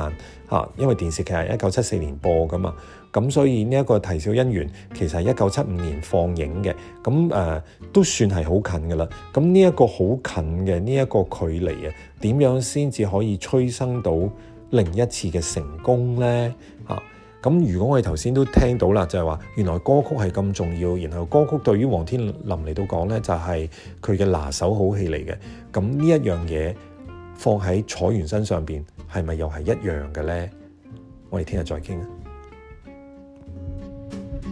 嚇、啊，因為電視劇係一九七四年播噶嘛。咁所以呢一個《啼笑因緣》其實係一九七五年放映嘅，咁誒、呃、都算係好近噶啦。咁呢一個好近嘅呢一個距離啊，點樣先至可以催生到另一次嘅成功呢？嚇、啊、咁，如果我哋頭先都聽到啦，就係、是、話原來歌曲係咁重要，然後歌曲對於王天林嚟到講呢，就係佢嘅拿手好戲嚟嘅。咁呢一樣嘢放喺楚原身上邊，係咪又係一樣嘅呢？我哋聽日再傾啊！